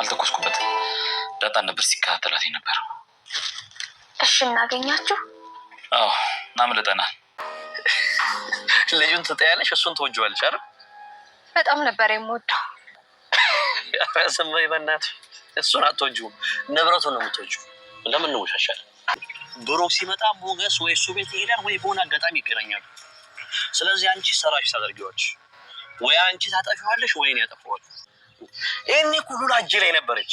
አልተኮስኩበትም። ዳጣን ነበር ሲከታተላት ነበር። እሺ እናገኛችሁ? አዎ አምልጠናል። ልጁን ትጠያለሽ፣ እሱን ትወጅዋለሽ አይደል? በጣም ነበር የምወደው። ስማ በእናትህ እሱን አትወጂውም፣ ንብረቱን ነው የምትወጂው። ለምን እንወሻሻለን? ብሩክ ሲመጣ ሞገስ ወይ እሱ ቤት ይሄዳል ወይ በሆነ አጋጣሚ ይገናኛሉ። ስለዚህ አንቺ ሰራሽ ታደርጊዋለሽ፣ ወይ አንቺ ታጠፊዋለሽ፣ ወይ እኔ ይህኔ ሁሉን እጄ ላይ ነበረች።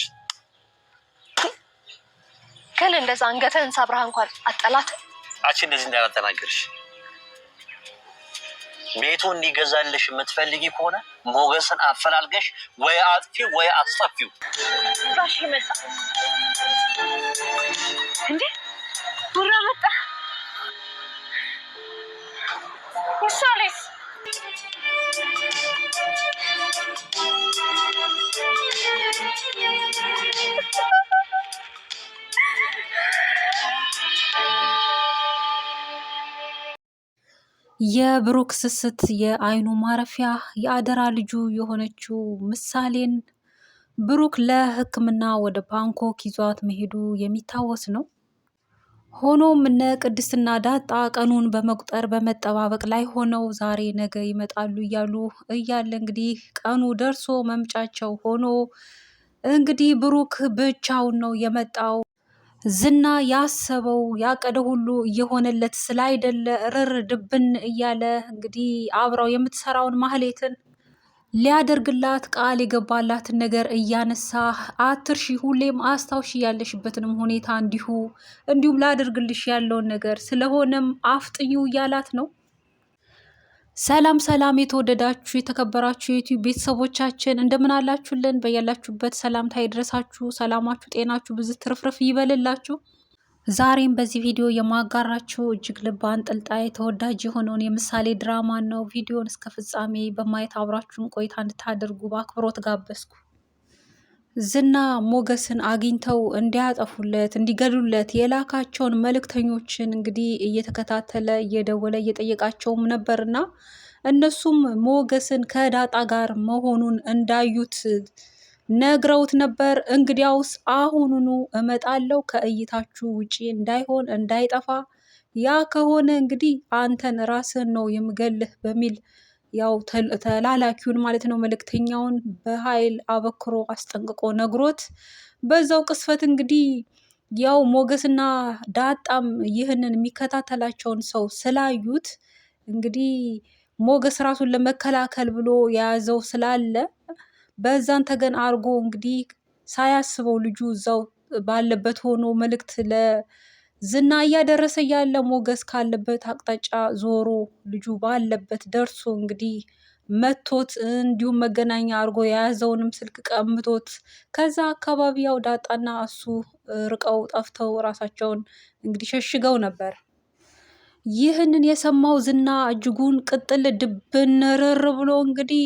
ግን እንደዛ አንገትህን ሰብረህ እንኳን አጠላትም። አቺ እንደዚህ እንዳላጠናገርሽ ቤቱ እንዲገዛልሽ የምትፈልጊ ከሆነ ሞገስን አፈላልገሽ ወይ አጥፊው ወይ አስጠፊው። ጋሽ መጣ እንዴ! ጉራ መጣ። ሳሌስ የብሩክ ስስት የአይኑ ማረፊያ የአደራ ልጁ የሆነችው ምሳሌን ብሩክ ለሕክምና ወደ ባንኮክ ይዟት መሄዱ የሚታወስ ነው። ሆኖም እነ ቅድስትና ዳጣ ቀኑን በመቁጠር በመጠባበቅ ላይ ሆነው ዛሬ ነገ ይመጣሉ እያሉ እያለ እንግዲህ ቀኑ ደርሶ መምጫቸው ሆኖ እንግዲህ ብሩክ ብቻውን ነው የመጣው። ዝና ያሰበው ያቀደ ሁሉ እየሆነለት ስላይደለ ርር ድብን እያለ እንግዲህ አብረው የምትሰራውን ማህሌትን ሊያደርግላት ቃል የገባላትን ነገር እያነሳ አትርሺ፣ ሁሌም አስታውሺ ያለሽበትንም ሁኔታ እንዲሁ እንዲሁም ላደርግልሽ ያለውን ነገር ስለሆነም አፍጥኙ እያላት ነው። ሰላም ሰላም፣ የተወደዳችሁ የተከበራችሁ የዩቲዩብ ቤተሰቦቻችን እንደምን አላችሁልን? በያላችሁበት ሰላምታ ይድረሳችሁ። ሰላማችሁ፣ ጤናችሁ ብዙ ትርፍርፍ ይበልላችሁ። ዛሬም በዚህ ቪዲዮ የማጋራችሁ እጅግ ልብ አንጠልጣይ ተወዳጅ የሆነውን የምሳሌ ድራማ ነው። ቪዲዮን እስከ ፍጻሜ በማየት አብራችሁን ቆይታ እንድታደርጉ በአክብሮት ጋበዝኩ። ዝና ሞገስን አግኝተው እንዲያጠፉለት፣ እንዲገሉለት የላካቸውን መልእክተኞችን እንግዲህ እየተከታተለ እየደወለ እየጠየቃቸውም ነበርና እነሱም ሞገስን ከዳጣ ጋር መሆኑን እንዳዩት ነግረውት ነበር። እንግዲያውስ አሁኑኑ እመጣለሁ ከእይታችሁ ውጪ እንዳይሆን እንዳይጠፋ፣ ያ ከሆነ እንግዲህ አንተን ራስህን ነው የምገልህ በሚል ያው ተላላኪውን ማለት ነው መልእክተኛውን በኃይል አበክሮ አስጠንቅቆ ነግሮት በዛው ቅስፈት እንግዲህ ያው ሞገስና ዳጣም ይህንን የሚከታተላቸውን ሰው ስላዩት እንግዲህ ሞገስ ራሱን ለመከላከል ብሎ የያዘው ስላለ በዛን ተገን አርጎ እንግዲህ ሳያስበው ልጁ እዛው ባለበት ሆኖ መልእክት ለዝና እያደረሰ ያለ ሞገስ ካለበት አቅጣጫ ዞሮ ልጁ ባለበት ደርሶ እንግዲህ መቶት እንዲሁም መገናኛ አድርጎ የያዘውንም ስልክ ቀምቶት ከዛ አካባቢ ያው ዳጣና እሱ ርቀው ጠፍተው ራሳቸውን እንግዲህ ሸሽገው ነበር። ይህንን የሰማው ዝና እጅጉን ቅጥል ድብን ርር ብሎ እንግዲህ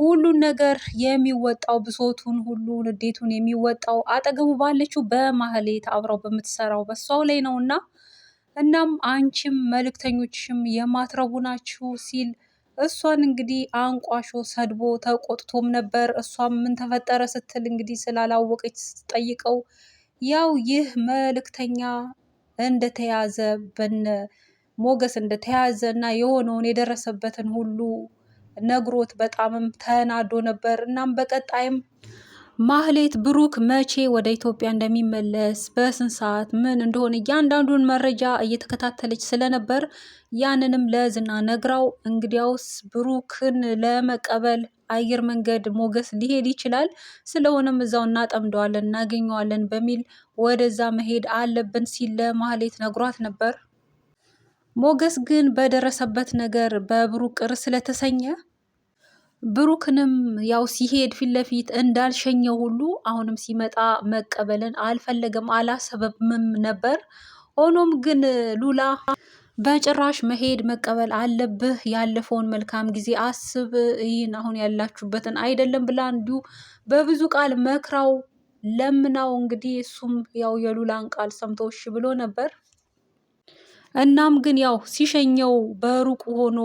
ሁሉን ነገር የሚወጣው ብሶቱን ሁሉ ንዴቱን የሚወጣው አጠገቡ ባለችው በማህሌት አብረው በምትሰራው በሷው ላይ ነው እና እናም አንቺም መልክተኞችም የማትረቡ ናችሁ ሲል እሷን እንግዲህ አንቋሾ ሰድቦ ተቆጥቶም ነበር። እሷም ምን ተፈጠረ ስትል እንግዲህ ስላላወቀች ስትጠይቀው ያው ይህ መልእክተኛ እንደተያዘ በነ ሞገስ እንደተያዘ እና የሆነውን የደረሰበትን ሁሉ ነግሮት በጣምም ተናዶ ነበር። እናም በቀጣይም ማህሌት ብሩክ መቼ ወደ ኢትዮጵያ እንደሚመለስ በስንት ሰዓት ምን እንደሆነ እያንዳንዱን መረጃ እየተከታተለች ስለነበር ያንንም ለዝና ነግራው እንግዲያውስ ብሩክን ለመቀበል አየር መንገድ ሞገስ ሊሄድ ይችላል፣ ስለሆነም እዛው እናጠምደዋለን፣ እናገኘዋለን በሚል ወደዛ መሄድ አለብን ሲል ለማህሌት ነግሯት ነበር። ሞገስ ግን በደረሰበት ነገር በብሩክ ቅር ስለተሰኘ ብሩክንም ያው ሲሄድ ፊት ለፊት እንዳልሸኘው ሁሉ አሁንም ሲመጣ መቀበልን አልፈለገም፣ አላሰበምም ነበር። ሆኖም ግን ሉላ በጭራሽ መሄድ መቀበል አለብህ፣ ያለፈውን መልካም ጊዜ አስብ፣ ይህን አሁን ያላችሁበትን አይደለም ብላ እንዲሁ በብዙ ቃል መክራው ለምናው እንግዲህ እሱም ያው የሉላን ቃል ሰምቶ እሺ ብሎ ነበር። እናም ግን ያው ሲሸኘው በሩቅ ሆኖ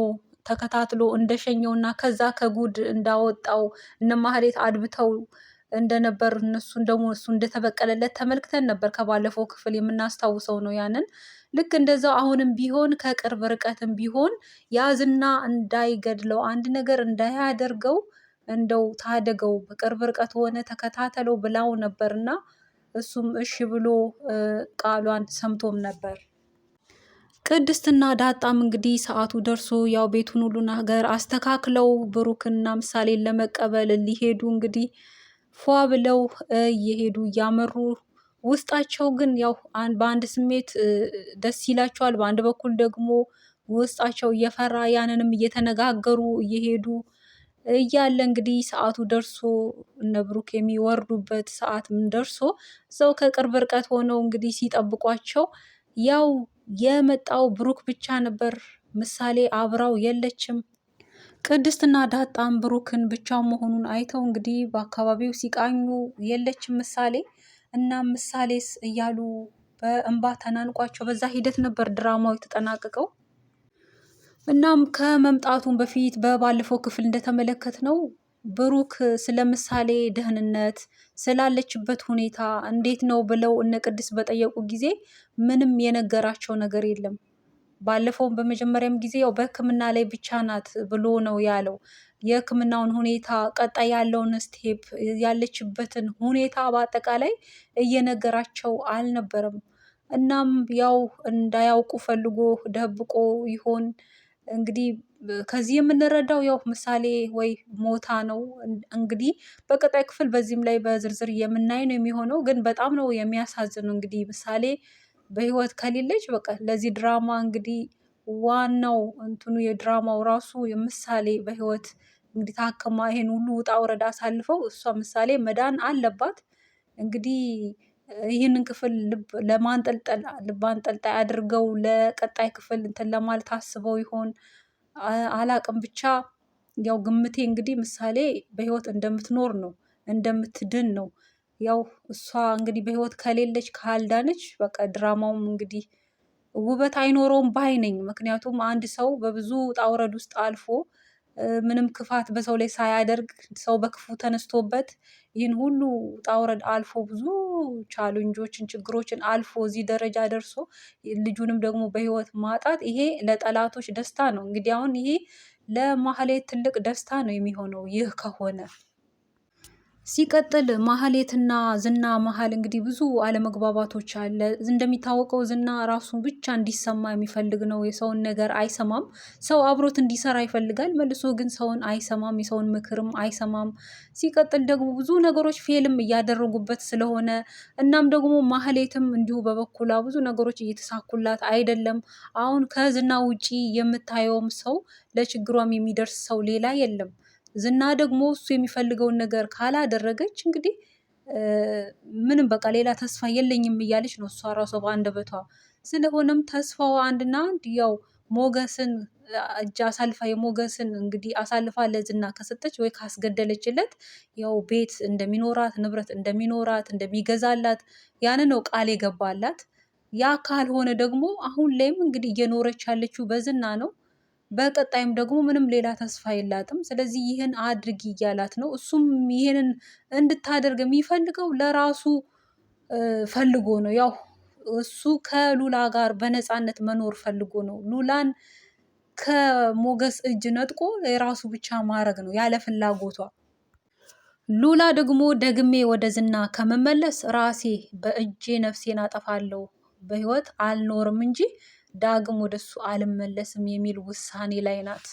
ተከታትሎ እንደሸኘው እና ከዛ ከጉድ እንዳወጣው እነ ማህሌት አድብተው እንደነበር እነሱን ደግሞ እሱ እንደተበቀለለት ተመልክተን ነበር። ከባለፈው ክፍል የምናስታውሰው ነው ያንን። ልክ እንደዛው አሁንም ቢሆን ከቅርብ ርቀትም ቢሆን ያዝና እንዳይገድለው አንድ ነገር እንዳያደርገው እንደው ታደገው፣ በቅርብ ርቀት ሆነ ተከታተለው ብላው ነበርና እሱም እሺ ብሎ ቃሏን ሰምቶም ነበር። ቅድስትና ዳጣም እንግዲህ ሰዓቱ ደርሶ ያው ቤቱን ሁሉ ነገር አስተካክለው ብሩክና ምሳሌን ለመቀበል ሊሄዱ እንግዲህ ፏ ብለው እየሄዱ እያመሩ ውስጣቸው ግን ያው በአንድ ስሜት ደስ ይላቸዋል፣ በአንድ በኩል ደግሞ ውስጣቸው እየፈራ ያንንም እየተነጋገሩ እየሄዱ እያለ እንግዲህ ሰዓቱ ደርሶ እነ ብሩክ የሚወርዱበት ሰዓት ደርሶ እዛው ከቅርብ ርቀት ሆነው እንግዲህ ሲጠብቋቸው ያው የመጣው ብሩክ ብቻ ነበር። ምሳሌ አብራው የለችም። ቅድስትና ዳጣም ብሩክን ብቻው መሆኑን አይተው እንግዲህ በአካባቢው ሲቃኙ የለችም ምሳሌ እና ምሳሌስ እያሉ በእንባ ተናንቋቸው በዛ ሂደት ነበር ድራማው የተጠናቀቀው። እናም ከመምጣቱን በፊት በባለፈው ክፍል እንደተመለከት ነው ብሩክ ስለ ምሳሌ ደህንነት ስላለችበት ሁኔታ እንዴት ነው ብለው እነ ቅድስት በጠየቁ ጊዜ ምንም የነገራቸው ነገር የለም። ባለፈውም በመጀመሪያም ጊዜ ያው በሕክምና ላይ ብቻ ናት ብሎ ነው ያለው። የሕክምናውን ሁኔታ ቀጣይ ያለውን ስቴፕ ያለችበትን ሁኔታ በአጠቃላይ እየነገራቸው አልነበረም። እናም ያው እንዳያውቁ ፈልጎ ደብቆ ይሆን እንግዲህ ከዚህ የምንረዳው ያው ምሳሌ ወይ ሞታ ነው። እንግዲህ በቀጣይ ክፍል በዚህም ላይ በዝርዝር የምናይ ነው የሚሆነው። ግን በጣም ነው የሚያሳዝኑ። እንግዲህ ምሳሌ በህይወት ከሌለች በቃ ለዚህ ድራማ እንግዲህ ዋናው እንትኑ የድራማው ራሱ ምሳሌ በህይወት እንግዲህ ታክማ ይሄን ሁሉ ውጣ ውረድ አሳልፈው እሷ ምሳሌ መዳን አለባት እንግዲህ ይህንን ክፍል ለማንጠልጠል ልብ አንጠልጣይ አድርገው ለቀጣይ ክፍል እንትን ለማለት አስበው ይሆን አላቅም። ብቻ ያው ግምቴ እንግዲህ ምሳሌ በህይወት እንደምትኖር ነው እንደምትድን ነው። ያው እሷ እንግዲህ በህይወት ከሌለች ካልዳነች፣ በቃ ድራማውም እንግዲህ ውበት አይኖረውም ባይ ነኝ። ምክንያቱም አንድ ሰው በብዙ ጣውረድ ውስጥ አልፎ ምንም ክፋት በሰው ላይ ሳያደርግ ሰው በክፉ ተነስቶበት ይህን ሁሉ ጣውረድ አልፎ ብዙ ቻሌንጆችን፣ ችግሮችን አልፎ እዚህ ደረጃ ደርሶ ልጁንም ደግሞ በህይወት ማጣት ይሄ ለጠላቶች ደስታ ነው። እንግዲህ አሁን ይሄ ለማህሌት ትልቅ ደስታ ነው የሚሆነው ይህ ከሆነ ሲቀጥል ማህሌትና ዝና መሀል እንግዲህ ብዙ አለመግባባቶች አለ። እንደሚታወቀው ዝና ራሱ ብቻ እንዲሰማ የሚፈልግ ነው። የሰውን ነገር አይሰማም። ሰው አብሮት እንዲሰራ ይፈልጋል። መልሶ ግን ሰውን አይሰማም፣ የሰውን ምክርም አይሰማም። ሲቀጥል ደግሞ ብዙ ነገሮች ፌልም እያደረጉበት ስለሆነ እናም ደግሞ ማህሌትም እንዲሁ በበኩላ ብዙ ነገሮች እየተሳኩላት አይደለም። አሁን ከዝና ውጪ የምታየውም ሰው ለችግሯም የሚደርስ ሰው ሌላ የለም። ዝና ደግሞ እሱ የሚፈልገውን ነገር ካላደረገች እንግዲህ ምንም በቃ ሌላ ተስፋ የለኝም እያለች ነው እሷ ራሷ በአንደበቷ። ስለሆነም ተስፋዋ አንድና አንድ ያው ሞገስን እጅ አሳልፋ የሞገስን እንግዲህ አሳልፋ ለዝና ከሰጠች ወይ ካስገደለችለት ያው ቤት እንደሚኖራት ንብረት እንደሚኖራት እንደሚገዛላት ያን ነው ቃል የገባላት። ያ ካልሆነ ደግሞ አሁን ላይም እንግዲህ እየኖረች ያለችው በዝና ነው። በቀጣይም ደግሞ ምንም ሌላ ተስፋ የላትም። ስለዚህ ይህን አድርጊ እያላት ነው። እሱም ይህንን እንድታደርግ የሚፈልገው ለራሱ ፈልጎ ነው። ያው እሱ ከሉላ ጋር በነፃነት መኖር ፈልጎ ነው። ሉላን ከሞገስ እጅ ነጥቆ የራሱ ብቻ ማድረግ ነው ያለ ፍላጎቷ። ሉላ ደግሞ ደግሜ ወደ ዝና ከመመለስ ራሴ በእጄ ነፍሴን አጠፋለሁ፣ በህይወት አልኖርም እንጂ ዳግም ወደሱ አልመለስም የሚል ውሳኔ ላይ ናት።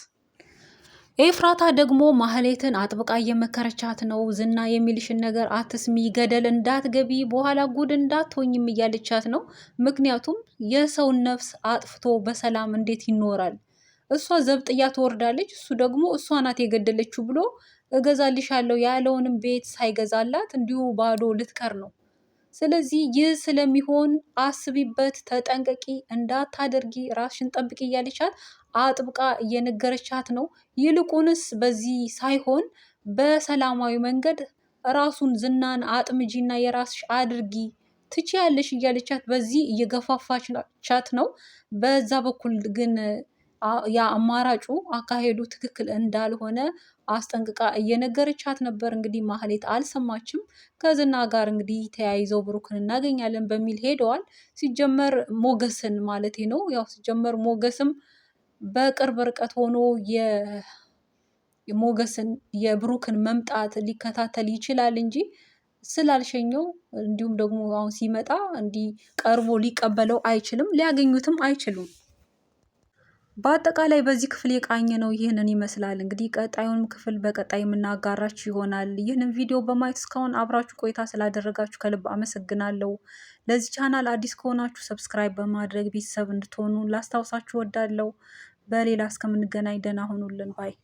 ኤፍራታ ደግሞ ማህሌትን አጥብቃ እየመከረቻት ነው። ዝና የሚልሽን ነገር አትስሚ፣ ገደል እንዳትገቢ፣ በኋላ ጉድ እንዳትሆኝም እያለቻት ነው። ምክንያቱም የሰውን ነፍስ አጥፍቶ በሰላም እንዴት ይኖራል? እሷ ዘብጥያ ትወርዳለች፣ እሱ ደግሞ እሷ ናት የገደለችው ብሎ እገዛልሻለሁ ያለውንም ቤት ሳይገዛላት እንዲሁ ባዶ ልትቀር ነው። ስለዚህ ይህ ስለሚሆን አስቢበት፣ ተጠንቀቂ፣ እንዳታደርጊ ራስሽን ጠብቂ እያለቻት አጥብቃ እየነገረቻት ነው። ይልቁንስ በዚህ ሳይሆን በሰላማዊ መንገድ ራሱን ዝናን አጥምጂና የራስሽ አድርጊ ትችያለሽ እያለቻት በዚህ እየገፋፋቻት ነው። በዛ በኩል ግን የአማራጩ አካሄዱ ትክክል እንዳልሆነ አስጠንቅቃ እየነገረቻት ነበር። እንግዲህ ማህሌት አልሰማችም። ከዝና ጋር እንግዲህ ተያይዘው ብሩክን እናገኛለን በሚል ሄደዋል። ሲጀመር ሞገስን ማለት ነው። ያው ሲጀመር ሞገስም በቅርብ ርቀት ሆኖ የሞገስን የብሩክን መምጣት ሊከታተል ይችላል እንጂ ስላልሸኘው እንዲሁም ደግሞ አሁን ሲመጣ እንዲህ ቀርቦ ሊቀበለው አይችልም። ሊያገኙትም አይችሉም። በአጠቃላይ በዚህ ክፍል የቃኘ ነው ይህንን ይመስላል። እንግዲህ ቀጣዩን ክፍል በቀጣይ የምናጋራችሁ ይሆናል። ይህንን ቪዲዮ በማየት እስካሁን አብራችሁ ቆይታ ስላደረጋችሁ ከልብ አመሰግናለሁ። ለዚህ ቻናል አዲስ ከሆናችሁ ሰብስክራይብ በማድረግ ቤተሰብ እንድትሆኑ ላስታውሳችሁ ወዳለሁ። በሌላ እስከምንገናኝ ደህና ሁኑልን ባይ